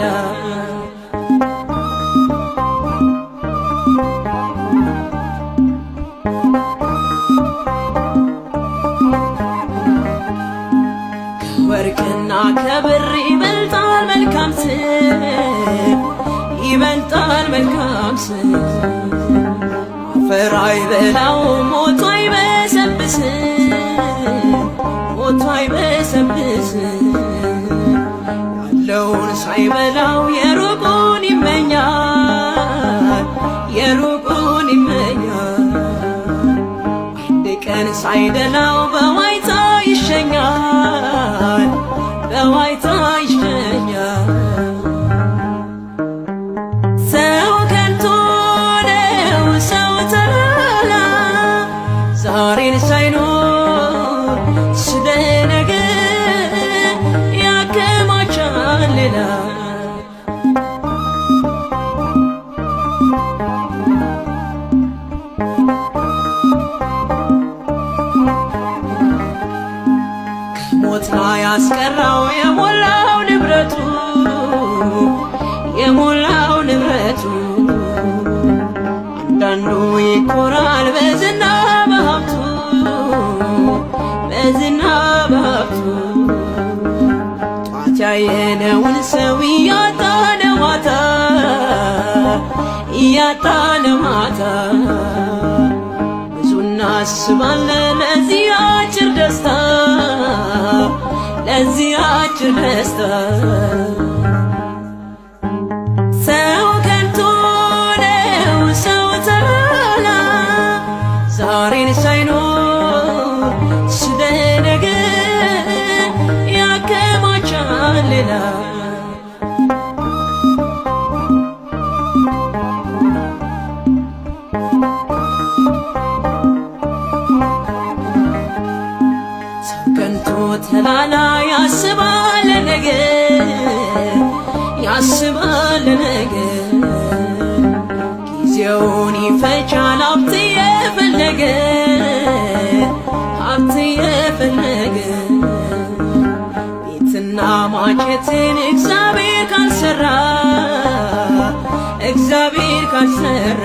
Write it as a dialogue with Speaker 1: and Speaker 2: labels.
Speaker 1: علينا ወርቅና ከብር ይበልጣል መልካም ስም ይበልጣል መልካም ስም
Speaker 2: አፈር አይበላው
Speaker 1: ሞት አይበሰብስም ሳይበላው የሩቁን ይመኛል የሩቁን ይመኛል አንድ ቀን ሳይደላው በዋይታ ይሸኛል በዋይታ ይሸኛል ሰው ከንቱ ነው ሰው ተላላ ዛሬን ሳይ ሞት ያስቀራው የሞላው ንብረቱ የሞላው ንብረቱ አንዳንዱ ይኮራል በዝና በሀብቱ በዝና በሀብቱ ጧት ያየነውን ሰው እያጣነ ማታ እያጣነ ማታ ብዙ እናስባለን ለዚህ አጭር ደስታ አጭር ደስታ ሰው ከንቱ ነው፣ ሰው ተላ ዛሬን ሳይኖር ስለ ነገ ያከማቻል ሌላ ተላላ ፈቻል ሀብት የፈለገ ሀብት የፈለገ ቤትና ማጨትን እግዚአብሔር ካልሰራ እግዚአብሔር ካልሰራ